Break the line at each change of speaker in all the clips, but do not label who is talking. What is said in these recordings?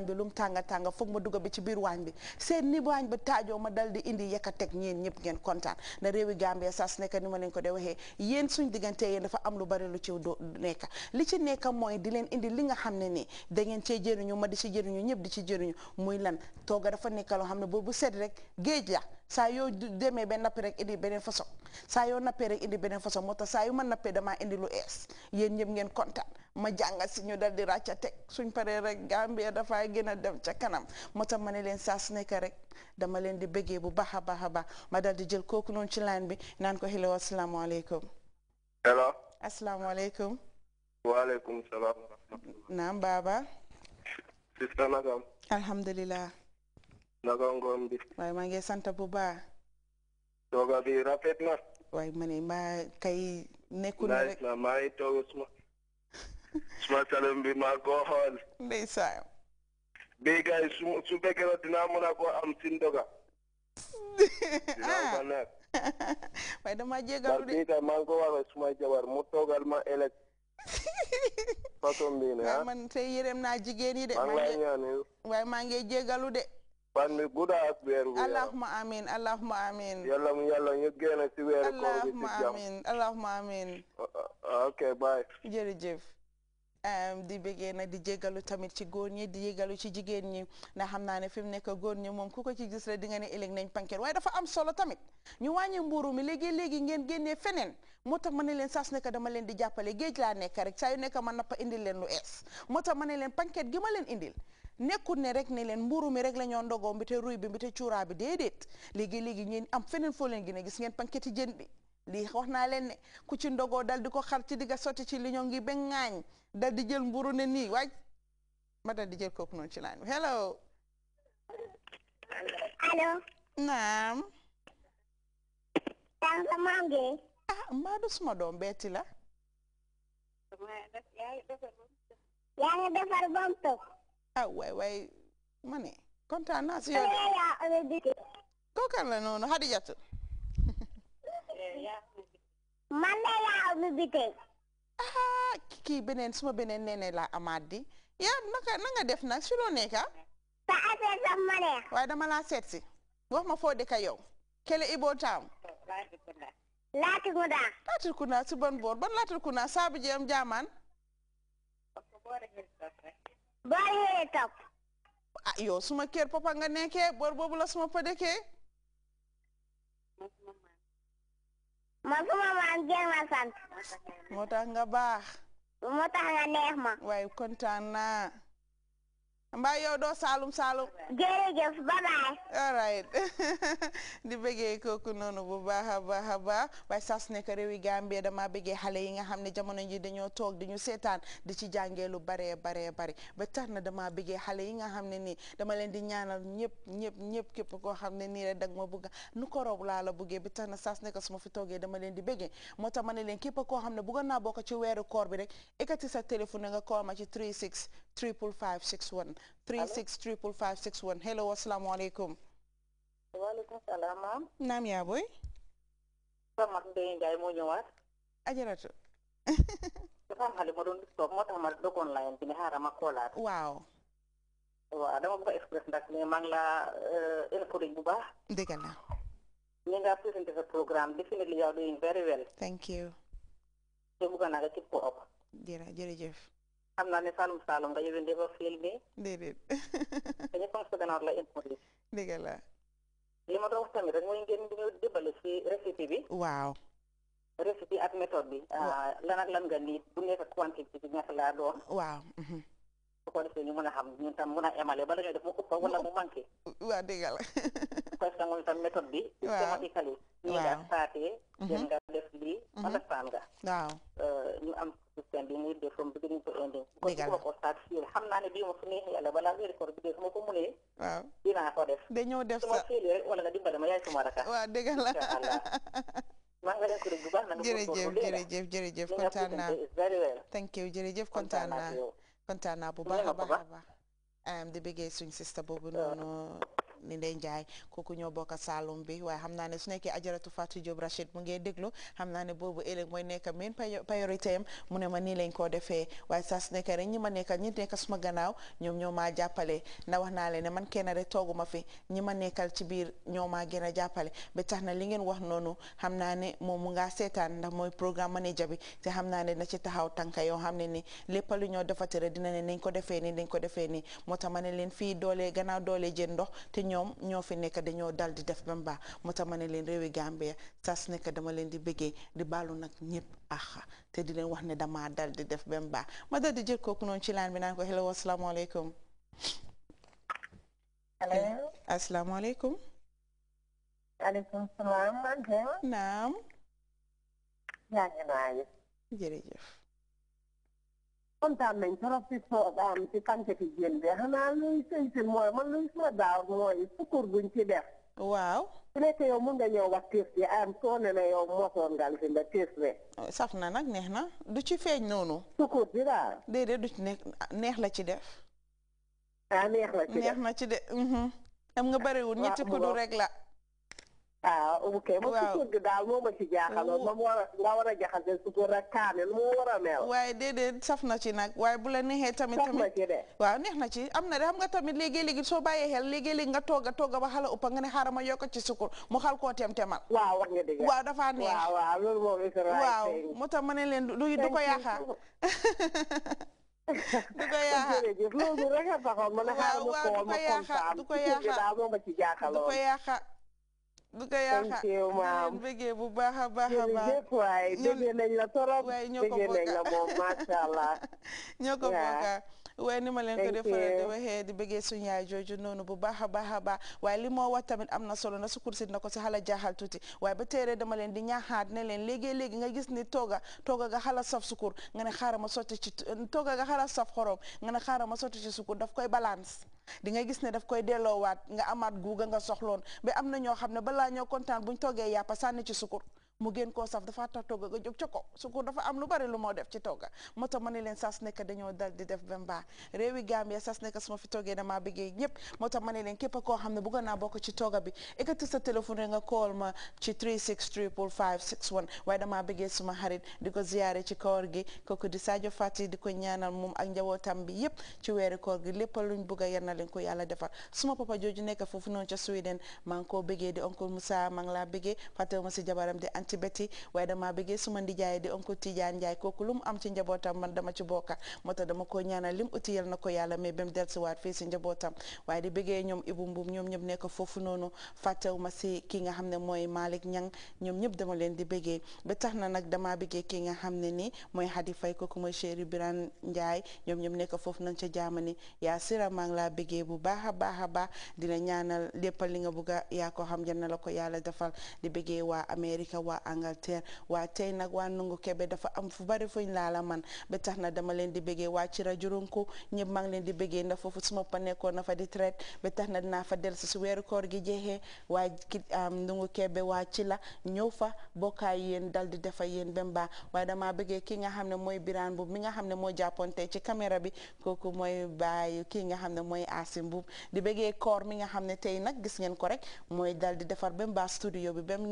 waañ bi lu mu tànga tànga foog ma dugga bi ci biir waañ bi seen ni waañ bi taajoo ma dal di indi yekk a teg ñeen ñëpp ngeen kontaan na réewi Gambia sas nekk ni ma leen ko de waxee yéen suñ diggante yéen dafa am lu bari lu ci nekk li ci nekk mooy di leen indi li nga xam ne nii da ngeen cee jëriñu ma di ci jëriñu ñëpp di ci jëriñu muy lan tooga dafa nekk loo xam ne boobu set rek géej la saa yoo demee ba nappi rek indi beneen façon saa yoo nappee rek indi beneen façon moto tax ma nappee damaa indi lu ees yéen ñëpp ngeen kontaan ma jàngal si ñu dal di teg suñ paree rek Gambia dafay gën a dem ca kanam moo tax ma ne leen saa su nekk rek dama leen di bëggee bu baax a baax a baax ma dal di jël kooku noonu ci line bi naan ko hello asalaamaaleykum. hello. asalaamaaleykum. naka ngoon bi. waaye maa ngi sant bu baax. tooga bi rafet na. waaye ma ne maa kay. nekkul na maa ngi toog suma. suma salon bi maa ko xool. ndeysaan. bii gars yi su su fekkee a ko am si ndoga. Ah. waaye damaa jégalu de. maa ngi ko suma jabar mu toogal ma elek. façon bii ne ah. man tey yërëm naa jigéen yi de. waaye maa ngi jégalu de. fanmi gudaas weeru allahumma amin allahumma amin yàlla mu yàlla ñu génn si weeru koor gi allahumma amin ok bye jërëjëf di bëggee di jégalu tamit ci góor ñi di jégalu ci jigéen ñi na xam naa ne fi mu nekk góor ñi moom ku ci gis di nga ne ëllëg nañ pankeer waaye dafa am solo tamit ñu wàññi mbuuru mi léegi léegi ngeen génnee feneen moo tax ne leen saas nekk dama leen di jàppale géej laa nekk rek saa yu nekk ma nappa indil leen lu ees mota tax ma ne leen pankeer gi ma leen indil nekku ne rek ne leen mburu mi rek la ñoo ndogoo bi te ruy bi bi te cuuraa bi déedéet léegi am feneen foo leen gën a gis ngeen panketi jën bi lii wax naa leen ne ku ci ndogoo dal di ko xar ci digga sotti ci li ñoo ngi ba ŋaañ dal di jël mburu ne nii waaj ma dal di jël kooku noonu ci laan hello naam tànk maa ngi ah mbaa du suma doom beeti la ah waay waay ma ne kontaan naa si yow kooku kan la noonu Hadijatu man de laa ubbi bitig beneen suma beneen nene laa amaat di yaa nanga def nag si loo nekka ah? sa affaire sax ma neex waaye dama laa seet si wax ma foo dëkk yow kele Ibo Town Laatil Kunda Laatil Kunda si bon boor ban Laatil Kunda saabu jeem jaamaan bàyyee tap ah yow suma kër papa nga nekkee bor boobu la suma pa dëkkee ma suma maam jeex ma sant moo tax nga baax moo tax nga neex ma waaye kontaan na mbaa yow doo saalum saalum. jërëjëf bye bye. all di bëggee kooku noonu bu baax a baax a baax waaye saa su nekk réewi dama bëggee xale yi nga xam ne jamono ji dañoo toog di seetaan di ci jàngee lu baree baree bare ba tax na dama bëggee xale yi nga xam ne nii dama leen di ñaanal ñëpp ñëpp ñëpp képp koo xam ne nii rek dag ma bëgg nu ko rob laa la bëggee ba tax na saas su nekk su ma fi toogee dama leen di bëggee moo tax ma ne leen képp koo xam ne bëggoon naa bokk ci weeru koor bi rek ekkati sa téléphone nga koo ma ci 36 triple five six one. three six triple five six one hello asalaamaaleykum. waaleykum salaam naam yaa moo ñëwaat. ajaratu. dafa am ma doon toog moo tax ma doog online bi ne xaaral a express ndax ne maa euh, bu baax. dëgg la. ñu nga présenté sa programme definitely you doing very well. thank you. te bëgg naa nga keep ko up. jërëjëf. xam naa ne Saalum Saalum nga yóbbu ndéba fil bi déedéet dañu fonk sa ganaar la importé dëgg la li ma doon wax tamit rek mooy ngeen diñu débale si recette bi waaw recette ak méthode bi ah, lan ak lan nga nii bu nekk quantité bi ñaata laa doon waaw mhm. su ko defee ñu mën a xam ñun tam mën a émalé bala ñuy def mu ëpp wala mu manqué waaw dëgg la parce que moom tam méthode bi thématique yi ñii nga saatee mhm. nga def lii mhm. understand nga waaw indi. dëgg la ko ko xam naa ne bii moom su neexee yàlla balaa weeru koor bi dee su ma ko mënee. waaw dinaa ko def. dañoo def sa su ma féeree rek wala nga dimbale ma yaay suma raka. waaw dëgg la maa ngi leen ko thank you jërëjëf kontaan naa kontaan naa bu baax a baax a noonu ni Ndeye Ndiaye kooku ñoo bokk Saalum bi waaye xam naa ne su nekkee ajaratu Fatou Diop Rachid mu ngee déglu xam naa ne boobu ëllëg mooy nekk main priorité am mu ne ma nii lañ koo defee waaye saa su nekkee rek ñi ma nekkal ñi nekk suma gannaaw ñoom ñoo maa jàppale na wax naa leen ne man kenn rek tooguma fi ñi ma nekkal ci biir ñoo maa gën a jàppale ba tax na li ngeen wax noonu xam naa ne moom mu ngaa seetaan ndax mooy programme manager bi te xam naa ne na ci taxaw tànka yoo xam ne ni lépp lu ñoo defatee dina ne nañ ko defee nii nañ ko defee nii moo tax ma ne leen fii doole gannaaw doole jën ndox te ñoom ñoo fi nekk dañoo dal di def ba mbaa moo tax ma ne leen réewi Gambia sas nekk dama leen di bëggee di balu nag ñëpp axa te di leen wax ne dama dal di def ba mbaa ma dal di jël kooku noonu ci laan bi naan ko hello asalaamaaleykum. allo asalaamaaleykum. maaleykum salaam. naam. yaa ngi jërëjëf. kontaan nañ trop si soo am si quantité jën bi xanaa luy sëy si mooy man luy soo daaw mooy sukkur buñ ci def waaw su nekkee yow mun nga ñëw wax tiis bi am soo ne na yow mosoon ngal saf na nag neex na du ci feeñ noonu sukkur bi daal déedéet du ci neex la ci def ah neex la ci def neex na ci mhm. xam nga bariwul ah, ñetti kuddu rek la waaw ah, ok ma sukkur gi moo a a jaxase a mel waaye déedéet na ci nag waaye bu la neexee tamit waaw neex na ci am na de nga tamit léegi soo bàyyee xel nga togga togga ba xala ëpp nga ne ma yokk ci sukkur mu xal koo tem-temal waaw wax nga dafa neex waaw loolu moom waaw tax ma ne leen du du ko yaakaar du ko yaaxaar loolu du ko yaaxaar du ko yaaxaar du ko yaakaar leen bëggee bu baax a baax a baax jërëjëf waay bëggee leen la torop bëggee nañ la moom macha allah ñoo ko bokka waaye ni ma leen ko defalee di waxee di bëggee yaay jooju noonu bu baax a baax a baax waaye li moo wax tamit am na solo na su kursit na ko si xala jaaxal tuuti waaye ba teeree dama leen di ñaaxaat ne leen léegi-léegi nga gis ni tooga tooga nga xala saf sukur nga ne xaaral ma sotti ci tooga nga xala nga ne xaaral ma sotti ci sukur daf koy balance di ngay gis ne daf koy delloowaat nga amaat guuga nga soxloon ba am na ñoo xam ne balaa ñoo bu ñu toggee yàppa sànni ci sukur mu gën koo saf dafa tax togg ga jóg ca ko su ko dafa am lu bare lu moo def ci togga moo tax ma ne leen sas nekk dañoo dal di def bamba réewi Gambia sas nekk su ma fi toggee damaa bëggee ñëpp moo tax ma képp koo xam ne bëgg naa bokk ci togga bi ekkati sa téléphone rek nga call ma ci 3634561 waaye damaa bëggee suma xarit di ko ziyaare ci kawar gi kooku di Sadio Fati di ko ñaanal moom ak njabootam bi yëpp ci weeri koor gi lépp luñ bëgg a yal na leen ko yàlla defal suma papa jooju nekk foofu noonu ca Sweden maa ngi koo bëggee di oncle Moussa maa ngi laa bëggee fàttewuma si jabaram di anti Betty waaye damaa bëggee suma ndijaay di oncle Tidiane Ndiaye kooku lu mu am ci njabootam man dama ci bokka moo tax dama ko ñaanal lim uti na ko yàlla mais ba mu dellusiwaat fii si njabootam waaye di bëggee ñoom Ibu Mbuum ñoom ñëpp nekk foofu noonu fàttewu ma si ki nga xam ne mooy Malick Ñang ñoom ñëpp dama leen di bëggee ba tax na nag damaa bëggee ki nga xam ne nii mooy Hadi Faye kooku mooy chéri Birane Ndiaye ñoom ñëpp nekk foofu nañ ca jaamani yaa maa ngi laa bëggee bu baax a baax a baax ñaanal léppal li nga bugg yaa ko xam na la ko yàlla defal di bëggee waa Amérique waa waa Angleterre waa tey nag waa nungu kebe dafa am fu bari fuñ laa la man ba tax na dama leen di bëggee waa ci rajo Runku ñëpp maa ngi leen di bëggee ndax foofu suma pa nekkoon na fa di traite ba tax na dinaa fa dellusi su weeru koor gi jeexee waa ki nungu kebe waa ci la ñëw fa bokkaay yéen dal di defa yéen ba mbaa waaye damaa bëggee ki nga xam ne mooy biraan bu mi nga xam ne mooy jàppoonte ci caméra bi kooku mooy bàyyi kii nga xam ne mooy Asim Mbuub di bëggee koor mi nga xam ne tey nag gis ngeen ko rek mooy dal di defar ba mbaa studio bi ba mu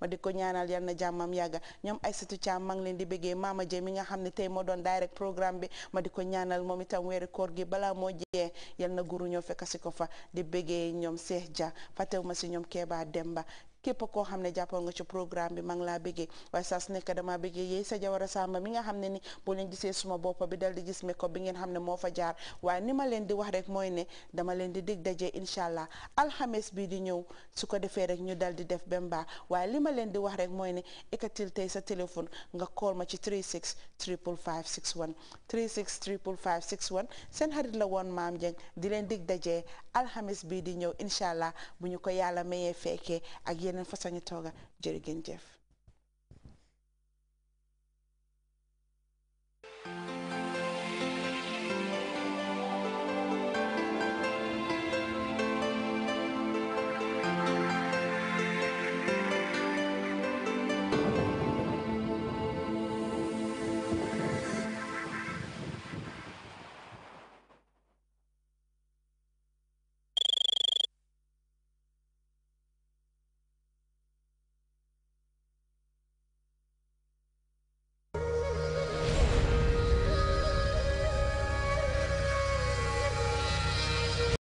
ma di ko ñaan ñaanal yal na jàmmam yàgga ñoom Aïssatou Thiam maa ngi leen di bëggee Mama Dieng mi nga xam ne tey moo doon direct programme bi ma di ko ñaanal moom itam weeri koor gi bala moo jeex yal na guru ñoo fekk si ko fa di bëggee ñoom Cheikh Dia fàttewu ma si ñoom Keba Demba képp koo xam ne jàppoon nga ci programme bi mag ngi laa bëggee waaye saa su nekk dama bëggee yéey sa jawara sàmba mi nga xam ne ni boo leen gisee suma boppa bi dal di gis makeup bi ngeen xam ne moo fa jaar waaye ni ma leen di wax rek mooy ne dama leen di dig dajee incha allah alxames bii di ñëw su ko defee rek ñu dal di def ba mbaa waaye li ma leen di wax rek mooy ne ekatil sa téléphone nga call ma ci 36 555 61 36 555 61 seen xarit la woon maam Jeng di leen dig daje alxames bii di ñëw incha allah bu ñu ko yàlla mayee fekkee ak yéen beneen façon ñu tooga jërë ngeen jëf